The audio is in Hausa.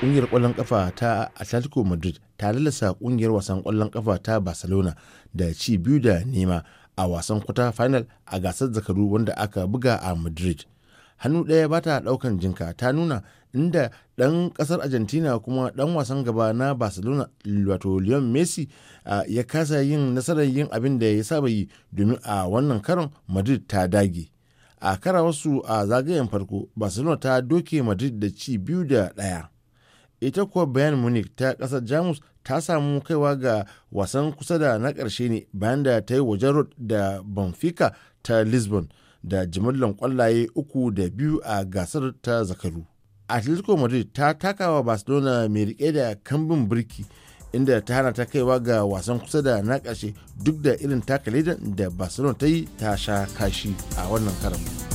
kungiyar kwallon kafa ta atletico madrid ta lalasa kungiyar wasan kwallon kafa ta barcelona da ci biyu da nema a wasan kwata final a gasar zakaru wanda aka buga a madrid hannu ɗaya ba ta ɗaukan jinka ta nuna inda ɗan ƙasar argentina kuma ɗan wasan gaba na barcelona wato leon messi ya kasa yin nasarar yin abin da ya saba yi domin a wannan karon madrid ta dage a karawarsu a zagayen farko barcelona ta doke madrid da ci biyu da ɗaya ita kuwa bayan munich ta ƙasar jamus ta samu kaiwa ga wasan kusa da na ƙarshe ne bayan da ta yi wajen da benfica ta lisbon da jimillan kwallaye uku da biyu a gasar ta zakaru atletico madrid ta takawa barcelona mai rike da kambin birki inda ta hana ta kaiwa ga wasan kusa da na ƙarshe duk da irin takalidan da barcelona ta yi ta sha kashi a wannan karar.